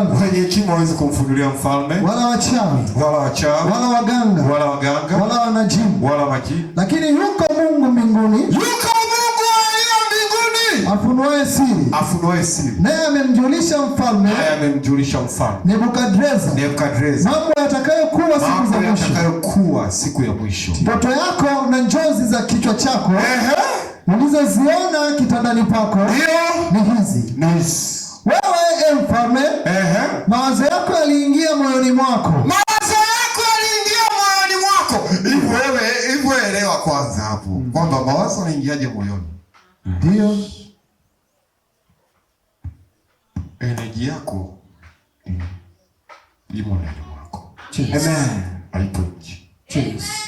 mfalme. Wenye hekima hawezi kumfunulia mfalme, wala wachawi, wala wachawi, wala waganga, wala waganga, wala wanajimu, wala majimu. Lakini yuko Mungu mbinguni, yuko Mungu afunuaye siri, afunuaye siri, naye amemjulisha mfalme, naye amemjulisha mfalme Nebukadreza, Nebukadreza, mambo yatakayokuwa siku za mwisho, yatakayokuwa siku ya mwisho, ndoto yako na njozi za kichwa chako Ehe. ulizoziona kitandani pako, ndio ni hizi. Nice. Wewe e mfalme, mawazo yako yaliingia moyoni mwako, mawazo yako yaliingia moyoni mwako. Hivyo elewa kwanza hapo hmm. kwamba mawazo yanaingiaje moyoni, Ndio eneji yako imo ndani mwako. Amen. Haipo nje.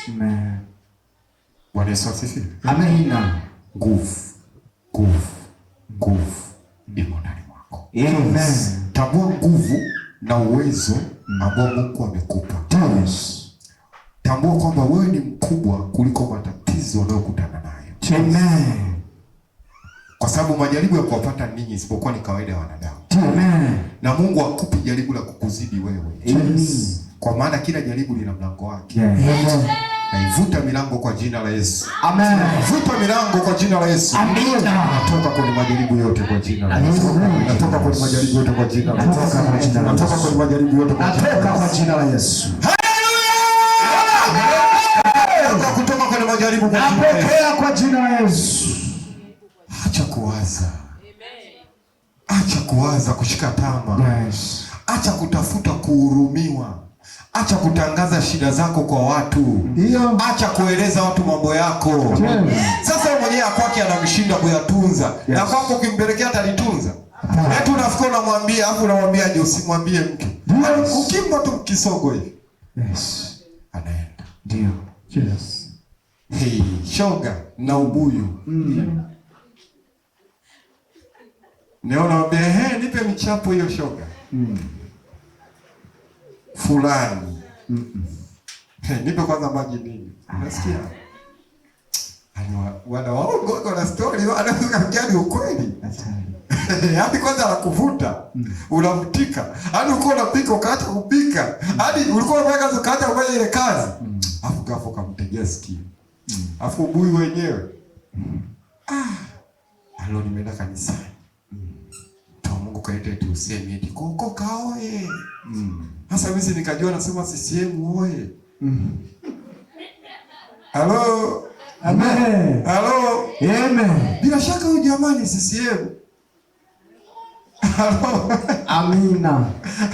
Amen. Bwana Yesu asifiwe. Amina. Nguvu, nguvu, nguvu imo ndani Yes. Tambua nguvu na uwezo ambao Mungu amekupa. Tambua kwamba wewe ni mkubwa kuliko matatizo unayokutana nayo. Amen. Kwa sababu majaribu ya kuwapata ninyi isipokuwa ni kawaida ya wanadamu. Amen. Na Mungu hakupi jaribu la kukuzidi wewe. Yes. Kwa maana kila jaribu lina mlango wake. Yes. Yes. Naivuta milango kwa jina la Yesu. Amen. Naivuta milango kwa jina la Yesu. Amen. Natoka kwenye majaribu yote kwa jina la Yesu. Natoka kwenye majaribu yote kwa jina la Yesu. Natoka kwenye majaribu yote kwa jina la Yesu. Haleluya. Kutoka kwenye majaribu kwa jina la Yesu. Napokea kwa jina la Yesu. Acha kuwaza. Amen. Acha kuwaza kushika tama. Yes. Acha kutafuta kuhurumiwa. Acha kutangaza shida zako kwa watu. Iyo. Acha kueleza watu mambo yako. Yes. Sasa mwenyewe akwake anamshinda kuyatunza. Yes. Na kwako ukimpelekea atalitunza. Yes. Eti unafikiri unamwambia afu unamwambia je, usimwambie mke. Yes. Ukimwa tu kisogo hivi. Yes. Anaenda. Ndio. Yes. Hey, shoga na ubuyu. Mm. Neona, nipe mchapo hiyo shoga. Mm fulani nipe kwanza maji nini, unasikia wana waongo wako story, wana wanaweza kujali ukweli hadi yaani kwanza anakuvuta mm. unavutika, hadi yaani ulikuwa unapika ukaacha kupika, hadi mm. yaani ulikuwa unafanya kazi ukaacha kufanya ile kazi, mm. afu gafu ukamtegea sikio, afu ubui wenyewe. Ah, alo nimeenda kanisani useme eti oye. Mm. Sasa mimi nikajua nasema CCM oye. Halo. Amen. Halo. Amen. Bila shaka huyu jamani CCM. Halo. Amina.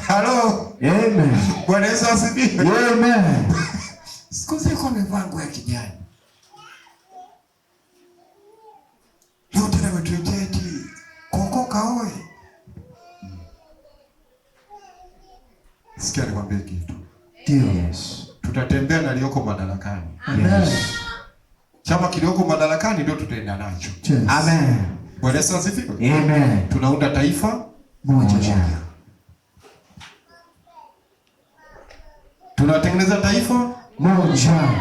Halo. Amen. Bwana Yesu asifiwe. Amen. kwa ya kijani. Sikia nikwambie kitu. Yes. Tutatembea na aliyoko madarakani. Yes. Chama kilioko madarakani ndio tutaenda nacho. Yes. Amen. Bwana Yesu asifiwe. Amen. Tunaunda taifa moja. Tunatengeneza taifa moja. Amen.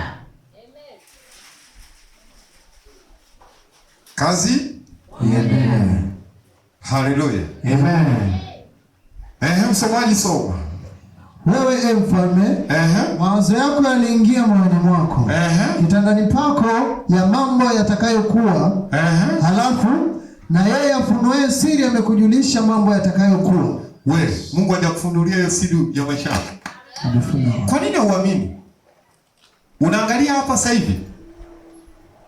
Kazi? Amen. Hallelujah. Amen. Eh, msomaji soma. Wewe e mfalme, mawazo yako yaliingia moyoni mwako, kitandani pako ya mambo yatakayokuwa, halafu na yeye afunuaye siri amekujulisha mambo yatakayokuwa. We, Mungu hajakufundulia hiyo siri ya maisha yako. Kwa nini hauamini? Unaangalia hapa sasa hivi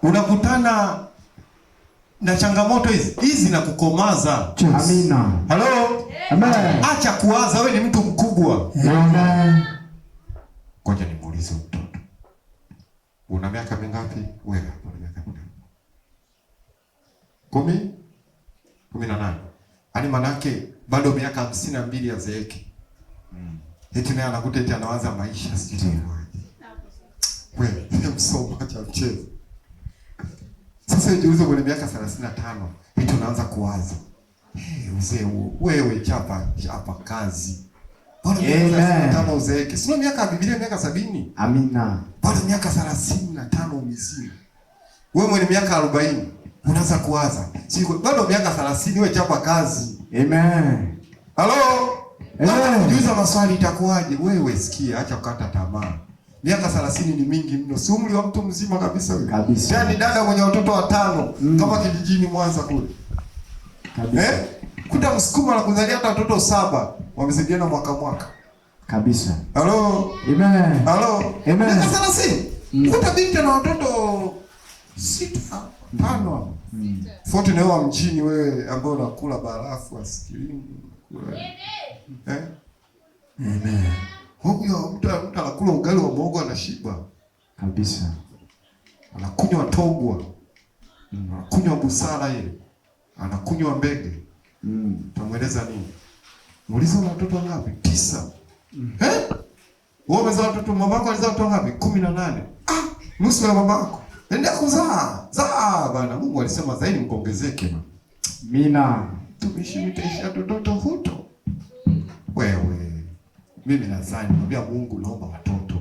unakutana na changamoto hizi hizi na kukomaza. Amina. Hello? Amen. Acha kuwaza wewe ni mtu mkubwa. Amen. Ngoja nimuulize mtoto. Una miaka mingapi wewe? Una miaka mingapi? Kumi? Kumi na nane. Yaani manake bado miaka hamsini na mbili azeeke. Mm. Eti naye anakuta eti anawaza maisha sijui. Wewe, msomaji mchezo. Sasa jiuze kwenye miaka 35 hii tunaanza kuwaza. Hey, uzee huo. Wewe chapa chapa kazi. Bado miaka tano uzeeke. Sio miaka Biblia miaka sabini. Amina. Bado miaka 35 mizima. Wewe mwenye miaka 40 unaanza kuwaza. Si bado miaka 30 wewe chapa kazi. Amen. Hello? Eh. Jiuza maswali itakuwaje? Wewe sikia, acha kukata tamaa. Miaka 30 ni mingi mno, si umri wa mtu mzima kabisa wewe. Kabisa. Yaani dada mwenye watoto watano mm. kama kijijini Mwanza kule. Kabisa. Eh? Kuta msukuma na kuzalia hata watoto saba wamezidiana mwaka mwaka. Kabisa. Halo. Amen. Halo. Amen. Miaka 30. Mm. Kuta binti na watoto sita tano. Mm. Fote na wewe mjini wewe ambao unakula barafu asikilini. Amen. Eh? Amen huyo mtu mtu anakula ugali wa muhogo anashiba kabisa, anakunywa togwa mm. anakunywa busara ile, anakunywa mbege mm. Utamweleza nini? Muuliza na watoto ngapi? Tisa mm. eh? Wewe umezaa watoto, mamako alizaa watoto ngapi? Kumi na nane. Ah, nusu ya mamako. Endelea kuzaa zaa bana. Mungu alisema zaidi mkongezeke. Mina tumishi mtaisha watoto hutu mimi nadhani mwambia Mungu naomba watoto.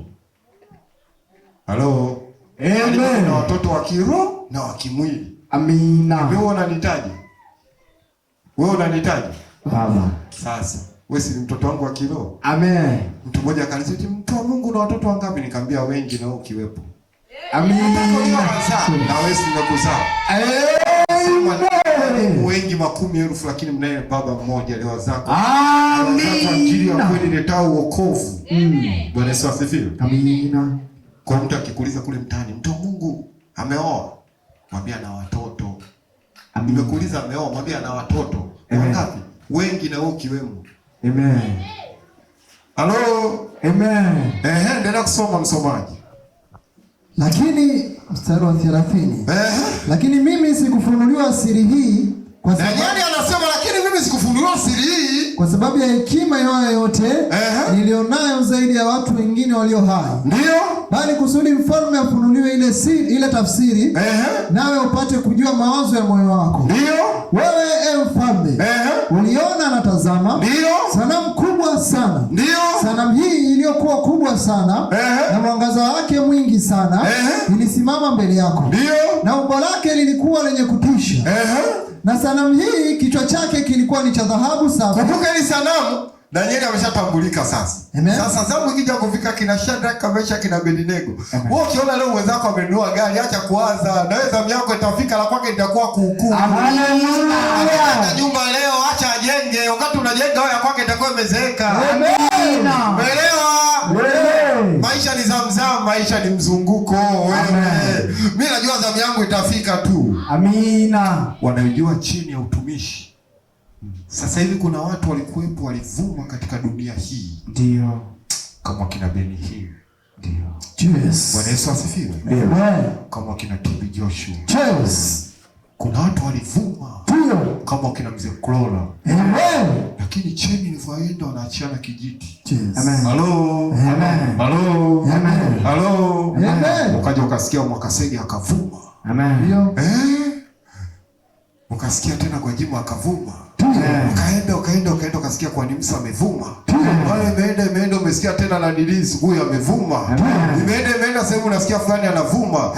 Halo. Amen. Na watoto wa kiroho na wa kimwili. Amina. Wewe unanitaji? Wewe unanitaji? Baba. Sasa, wewe si mtoto wangu wa kiroho? Amen. Mtu mmoja akaniambia, "Mtu wa Mungu na watoto wangapi?" Nikamwambia wengi na wewe ukiwepo. Amina. Na wewe si nimekuzaa. Amen wengi makumi elfu, lakini mnaye baba mmoja leo zako. Amina. Kweli leta Bwana Yesu asifiwe. Amina. Kwa mtu akikuuliza kule mtaani, mtu Mungu ameoa, mwambie ana watoto. Nimekuuliza ameoa, mwambie ana watoto. Wangapi? Wengi na wewe ukiwemo. Amen. Halo. Amen. Ehe, endelea kusoma msomaji. Lakini mstari wa 30. Eh. Lakini mimi sikufunuliwa siri hii kwa sababu Danieli anasema lakini mimi sikufunuliwa siri hii kwa sababu ya hekima yao yote eh, nilionayo zaidi ya watu wengine walio hai. Ndio. Bali kusudi mfalme afunuliwe ile siri, ile tafsiri eh, nawe upate kujua mawazo ya moyo wako. Ndio. Wewe e mfalme, eh, uliona na tazama. Ndio. Sanamu sana. Ndio. Sanamu hii iliyokuwa kubwa sana Ehe. na mwangaza wake mwingi sana Ehe. ilisimama mbele yako. Ndio. Na umbo lake lilikuwa lenye kutisha Ehe. na sanamu hii kichwa chake kilikuwa ni cha dhahabu safi. Kumbuka hii sanamu Danieli ameshatambulika sasa. Amen. Sasa zamu ikija kufika kina Shadraka, kamesha kina Abednego. Wewe ukiona leo wenzako amenunua gari, acha kuwaza, nawe zamu yako itafika, la kwake itakuwa kuhukumu. Haleluya. Nyumba leo acha ajenge, wakati unajenga utakuwa umezeeka. Umeelewa? Maisha ni zamzam, maisha ni mzunguko. Wewe mimi najua zamu yangu itafika tu. Amina. Wanaijua chini ya utumishi. Sasa hivi kuna watu walikuwepo, walivuma katika dunia hii, ndio kama kina Beni hii Bwana Yesu asifiwe. Kama kina Tobi Joshua. Kuna watu walivuma Tu. Amen. Kama kina mzee Clola. Amen. Lakini cheni ilivyoenda wanaachiana kijiti. Yes. Amen. Halo. Amen. Halo. Amen. Halo. Amen. Ukaja ukasikia Mwakasege akavuma. Amen. Ndio. Eh. Ukasikia tena kwa jibu akavuma. Ukaenda ukaenda ukaenda ukasikia kwa Nimsa amevuma. Wale imeenda imeenda umesikia tena na Nilizi huyu amevuma. Imeenda imeenda sehemu unasikia fulani anavuma.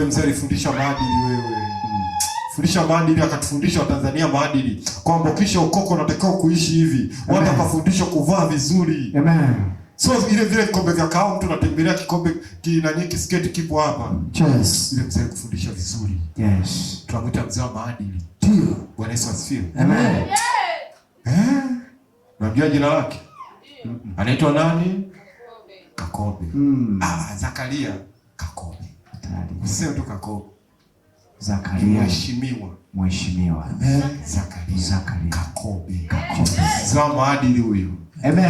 yule mzee alifundisha maadili wewe. Mm. Fundisha maadili, akatufundisha Watanzania maadili kwamba ukisha ukoko unatakiwa kuishi hivi. Watu akafundisha kuvaa vizuri. Amen. So ile vile kikombe vya kahawa mtu anatembelea kikombe kinanye kisketi kipo hapa. Yes. Ile mzee kufundisha vizuri. Yes. Tunamwita mzee wa maadili. Ndio. Bwana Yesu asifiwe. Amen. Eh? Unajua jina lake? Anaitwa nani? Kakobe. Mm. Ah, Zakaria. Sio tu Kakomo. Zakaria. Mheshimiwa. Mheshimiwa. Zakaria. Zakaria. Kakobe. Kakobe. Zama maadili huyu. Amen.